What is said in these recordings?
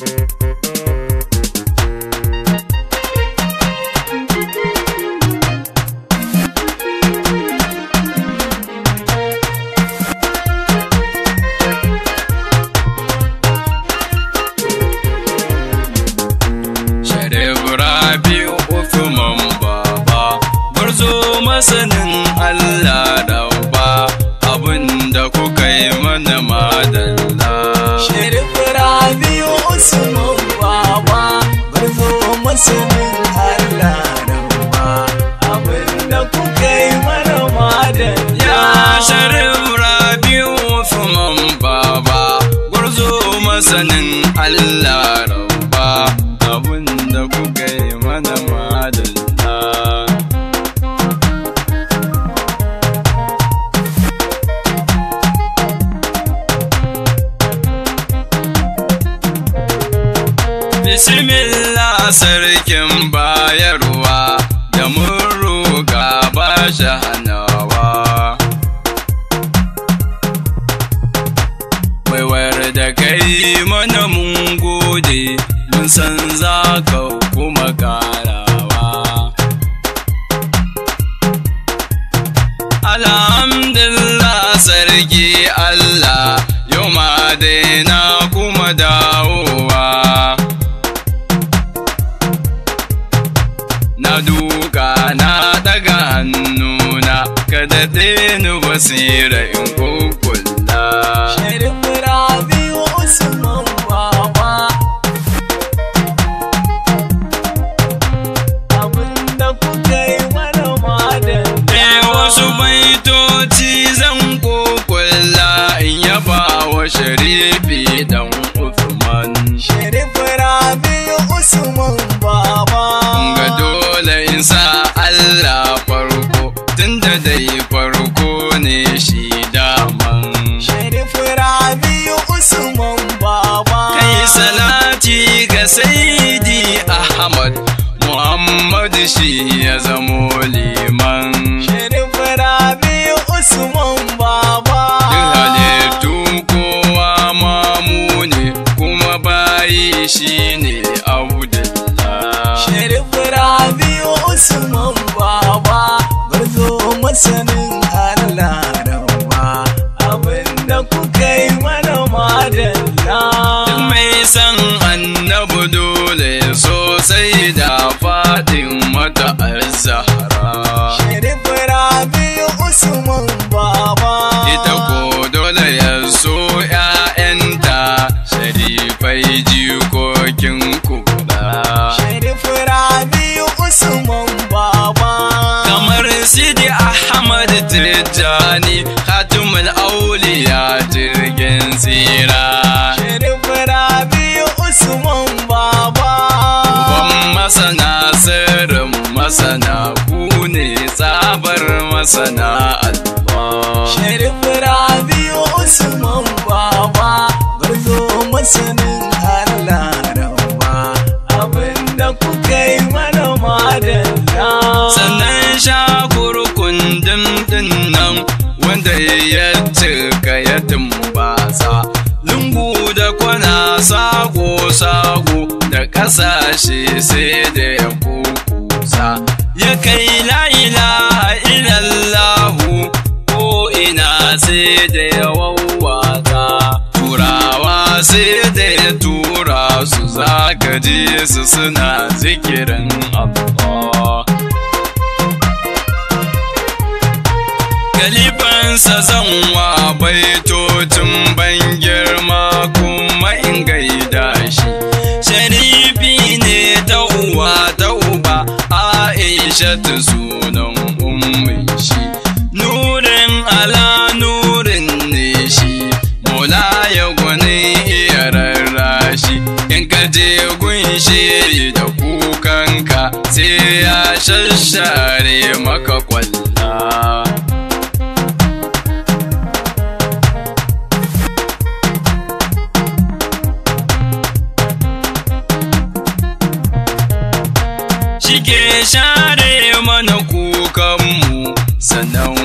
Música sanin Allah ramma abinda kuka yi mana madan ya sharif rabiu fuman baba gurzo masanin Allah ramma abinda kuka yi mana madan Sim sarkin bayarwa da mun roƙa ba shi hanawa. Baiwar da kai mana mun gode, mun san za ka kuma karawa. Alhamdulillah sarki basira in kukulla shirin rabi usman baba abinda kuka yi mana madan wasu masana alma sharif rabi usman baba garzo masanin har laraba abinda kuka yi mana madalla sannan sha kurkun dimdin nan wanda ya cika ya basa lungu da kwana sago-sago da ƙasashe sai da ya kukusa ya kai layi ji Yesu suna zikirin Kalifansa zan wa baitocin ban girma kuma in gaida shi. Sharifi ne ta uwa ta uba Aisha ta share mana kukanmu sannan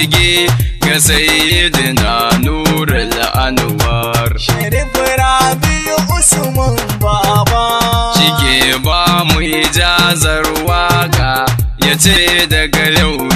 shige ga na nurul anwar sharif rabi usman baba shige ba mu jazar waka ya ce daga yau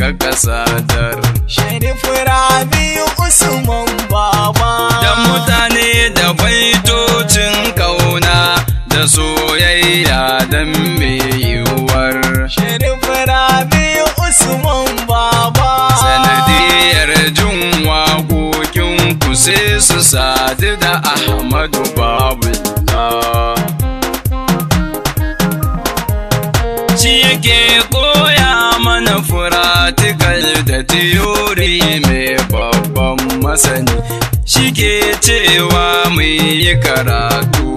ka kasadar sharif rabi usman baba da mutane da baitocin kauna da soyayya don mai yiwuwar sharif rabi usman Sadi da ahmadu babu na shi koya mana furatikal da tiyori mai babban masani Shike cewa mu yi karatu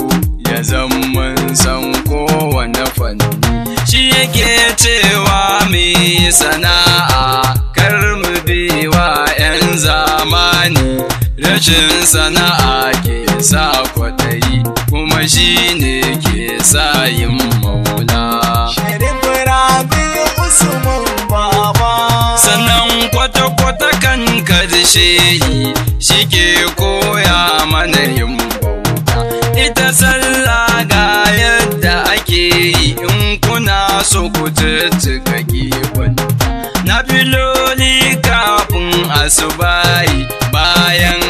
ya zama san kowane fanni shi yake cewa mu sana'a Shin sana'a ke sa kwaɗayi kuma shi ne ke sa yin maula. Sharif Rabi Sannan kwata-kwata kan karshe shi ke koya mana yin bauta. Ita sallah ga yadda ake yi in kuna so ku tuttuka gefen. Na filoli kafin asubahi bayan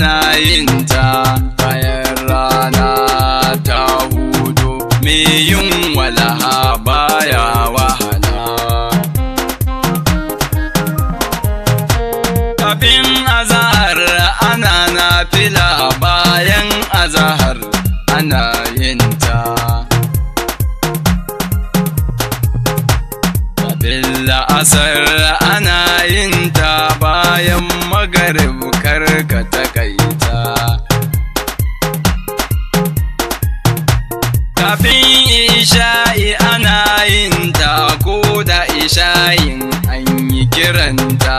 ana yin ta bayan rana ta hudu me yin walaha baya wahala abin azahar ana na fila bayan azahar ana yin ta la'asar ana yin ta bayan magarib karkata isha'i ana yin ta ko da isha'in an yi kiranta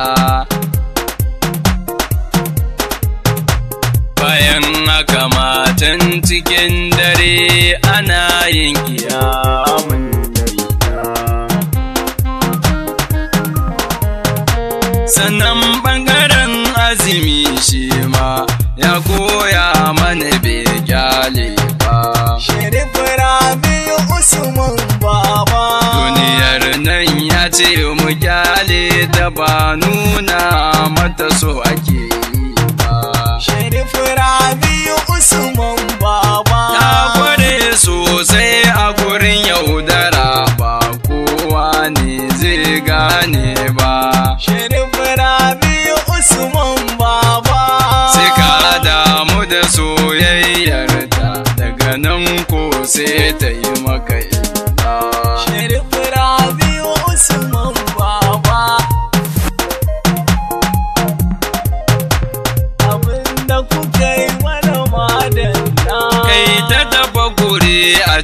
bayan haka matan cikin dare ana yin kiyamun usman baba duniyar nan ya ce mu kyale da ba nuna mata so ake yi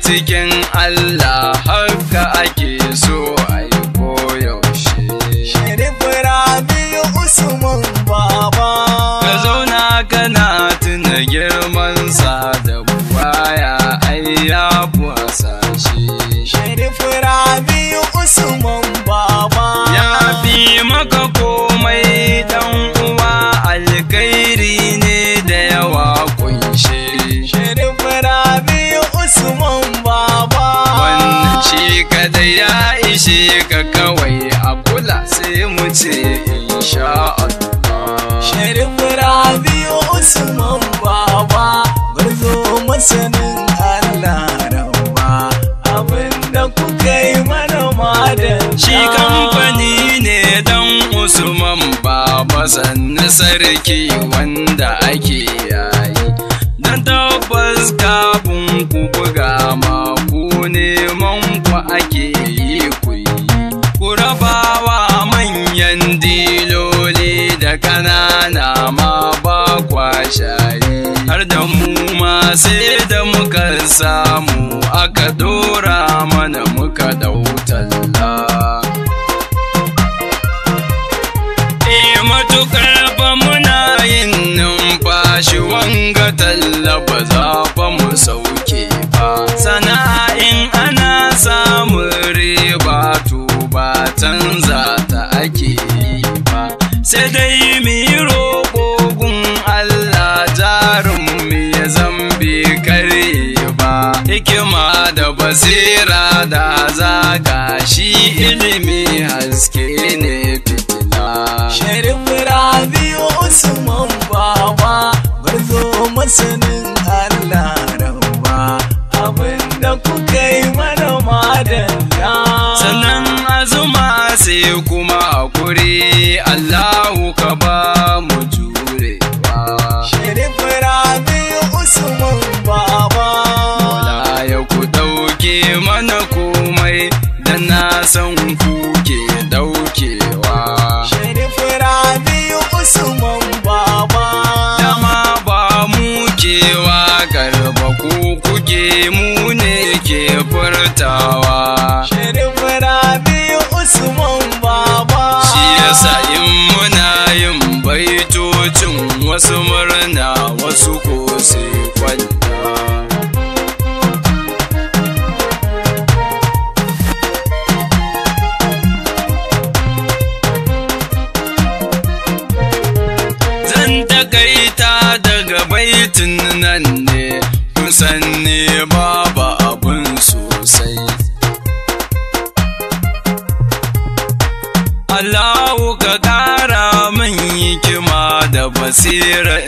again ce insha Allah Rabi'u Usman Baba murzo masanin Allah rabba abinda kuka yi mana madan shi kamfani ne dan Usman Baba sanna sarki wanda ake yayi dan tabbas ka share har da mu ma sai da muka samu aka dora mana muka dautar basira da zaga shi ilimi haske ne fitila shirin rabi usman baba barzo masanin allah rabba abinda kuka yi mana madalla sannan azuma sai kuma hakuri allahu ka ba mu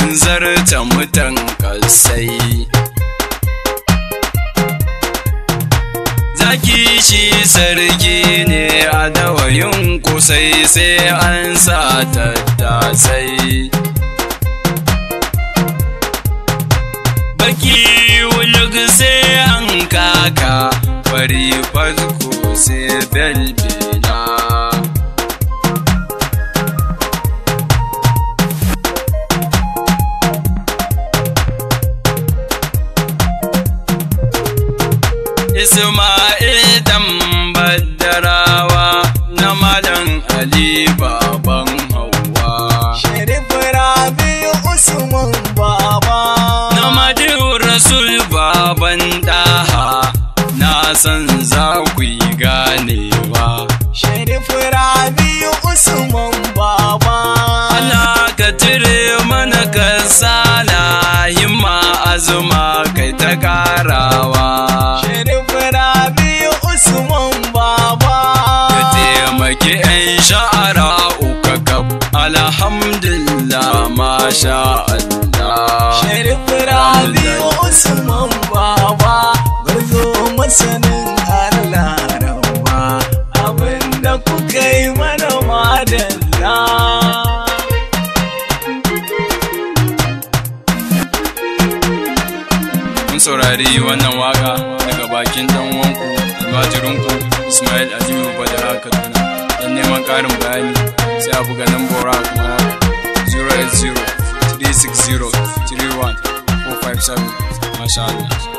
in zarta mutan kasai zaki shi sarki ne a dawayin kusai sai an sa tattasai baki wulug sai an kaka fari fasku sai belbela san za ku yi ganewa. Sharifu Rabi'u Usman Baba. Ana ka cire mana kasala himma azuma kai ta karawa. Sharifu Rabi'u Usman Baba. Ka taimaki 'yan sha'ara uka kaf. Alhamdulillah masha Allah. Sharifu Rabi'u Usman Baba. sanin Allah rawa abinda kuka yi mana madalla Mun saurari wannan waka daga bakin dan wanku almajirinku Ismail Aliyu Badara Kaduna don neman ƙarin bayani sai a buga lambora kuma 080 360 31 457 masha Allah